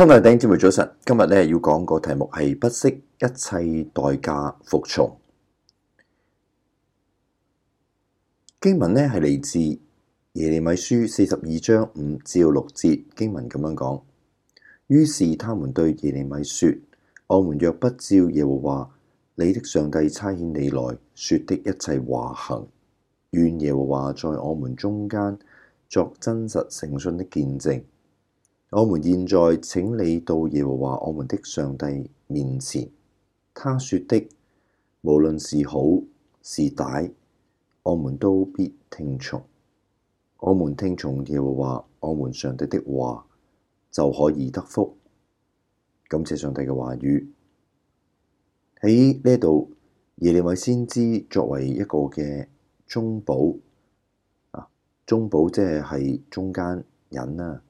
親愛的弟兄姊妹，早晨，今日咧要講個題目係不惜一切代價服從。經文咧係嚟自耶利米書四十二章五至六節，經文咁樣講。於是他們對耶利米說，我們若不照耶和華你的上帝差遣你來說的一切話行，願耶和華在我們中間作真實誠信的見證。我們現在請你到耶和華我們的上帝面前。他說的，無論是好是歹，我們都必聽從。我們聽從耶和華我們上帝的話，就可以得福。感謝上帝嘅話語喺呢度，耶利米先知作為一個嘅中保啊，中保即係中間人啦，啊。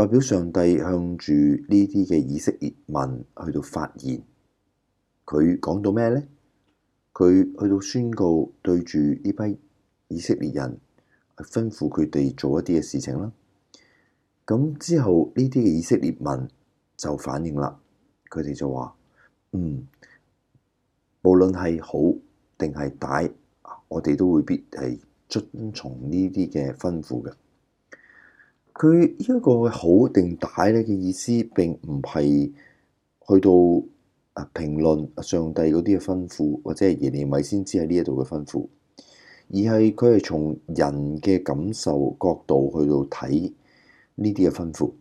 代表上帝向住呢啲嘅以色列民去到發言，佢講到咩咧？佢去到宣告對住呢批以色列人去吩咐佢哋做一啲嘅事情啦。咁之後呢啲嘅以色列民就反應啦佢哋就話：「嗯，無論係好定係歹，我哋都會必係遵從呢啲嘅吩咐嘅。」佢呢一個好定歹咧嘅意思，並唔係去到啊評論上帝嗰啲嘅吩咐，或者係耶利米先知喺呢一度嘅吩咐，而係佢係從人嘅感受角度去到睇呢啲嘅吩咐。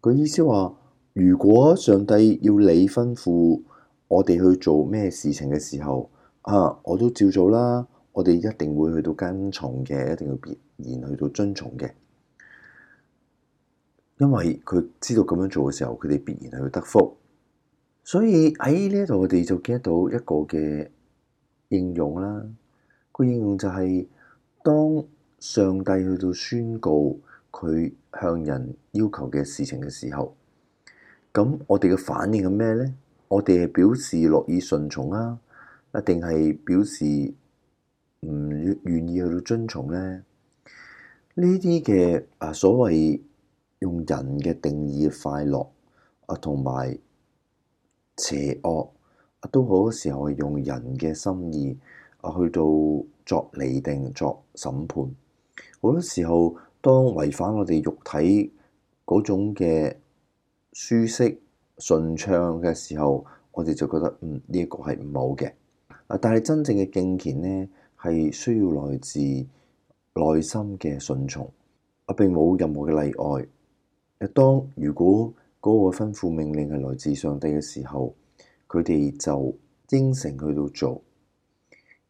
佢意思話，如果上帝要你吩咐我哋去做咩事情嘅時候，啊，我都照做啦。我哋一定會去到跟從嘅，一定要必然去到遵從嘅。因為佢知道咁樣做嘅時候，佢哋必然係要得福，所以喺呢度我哋就 get 到一個嘅應用啦。個應用就係當上帝去到宣告佢向人要求嘅事情嘅時候，咁我哋嘅反應係咩咧？我哋係表示樂意順從啊，啊定係表示唔願意去到遵從咧？呢啲嘅啊所謂。用人嘅定義快樂啊，同埋邪惡啊，都好多時候係用人嘅心意啊去到作釐定、作審判。好多時候，當違反我哋肉體嗰種嘅舒適順暢嘅時候，我哋就覺得，嗯，呢一個係唔好嘅啊。但係真正嘅敬虔呢，係需要來自內心嘅順從啊，並冇任何嘅例外。當如果嗰個吩咐命令係來自上帝嘅時候，佢哋就應承去到做。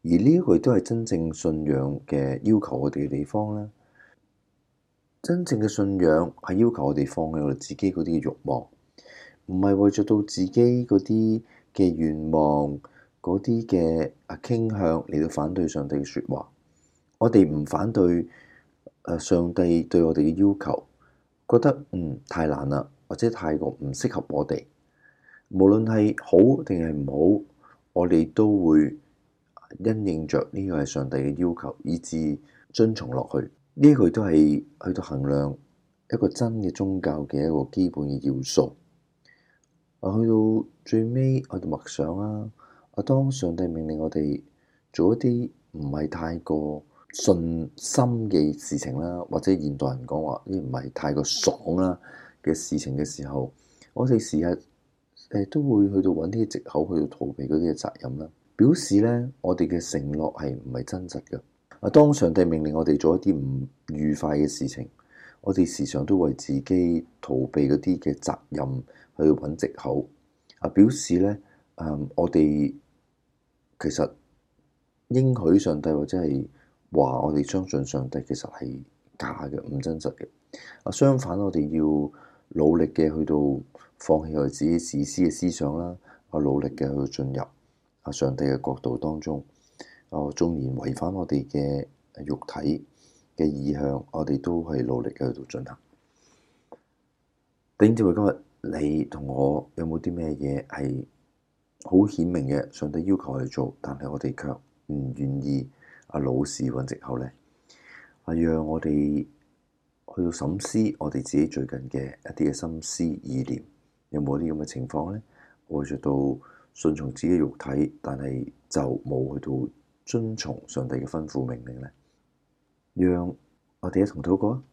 而呢一個亦都係真正信仰嘅要求我哋嘅地方啦。真正嘅信仰係要求我哋放棄我哋自己嗰啲欲望，唔係為著到自己嗰啲嘅願望，嗰啲嘅啊傾向嚟到反對上帝嘅說話。我哋唔反對上帝對我哋嘅要求。覺得嗯太難啦，或者太過唔適合我哋，無論係好定係唔好，我哋都會因應着呢個係上帝嘅要求，以致遵從落去。呢句都係去到衡量一個真嘅宗教嘅一個基本嘅要素。啊，去到最尾我哋默想啦，啊。啊，當上帝命令我哋做一啲唔係太過。信心嘅事情啦，或者現代人講話呢唔係太過爽啦嘅事情嘅時候，我哋時日都會去到揾啲藉口去逃避嗰啲嘅責任啦，表示呢，我哋嘅承諾係唔係真實嘅？啊？當上帝命令我哋做一啲唔愉快嘅事情，我哋時常都為自己逃避嗰啲嘅責任去揾藉口啊，表示呢，我哋其實應許上帝或者係。話我哋相信上帝其實係假嘅，唔真實嘅。啊，相反，我哋要努力嘅去到放棄我哋自己自私嘅思想啦。啊，努力嘅去到進入啊上帝嘅角度當中。啊、呃，縱然違反我哋嘅肉體嘅意向，我哋都係努力嘅去到進行。頂住、嗯，今日你同我有冇啲咩嘢係好顯明嘅？上帝要求我哋做，但係我哋卻唔願意。啊！老是搵藉口咧，啊，讓我哋去到審思我哋自己最近嘅一啲嘅心思意念，有冇啲咁嘅情況咧？活著到順從自己肉體，但係就冇去到遵從上帝嘅吩咐命令咧。讓我哋一同討論啊！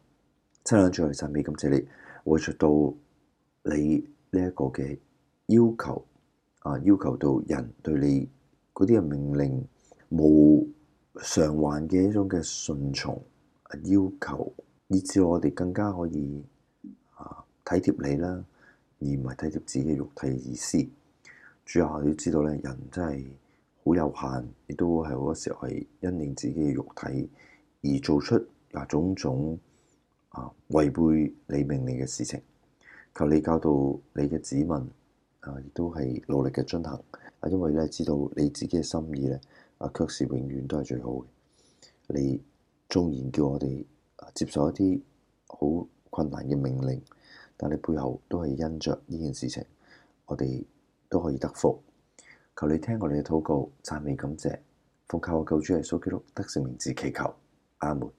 親愛嘅主，讚美感謝你，活著到你呢一個嘅要求啊，要求到人對你嗰啲嘅命令冇。償還嘅一種嘅順從要求，以致我哋更加可以啊體貼你啦，而唔係體貼自己肉體嘅意思。主要係要知道咧，人真係好有限，亦都係好多時候係因應自己嘅肉體而做出嗱種種啊違背你命令嘅事情。求你教導你嘅子民啊，亦都係努力嘅進行啊，因為咧知道你自己嘅心意咧。啊，卻是永遠都係最好嘅。你縱然叫我哋接受一啲好困難嘅命令，但你背後都係因着呢件事情，我哋都可以得福。求你聽我哋嘅禱告，讚美感謝，奉靠我救主耶穌基督得勝名字祈求，阿門。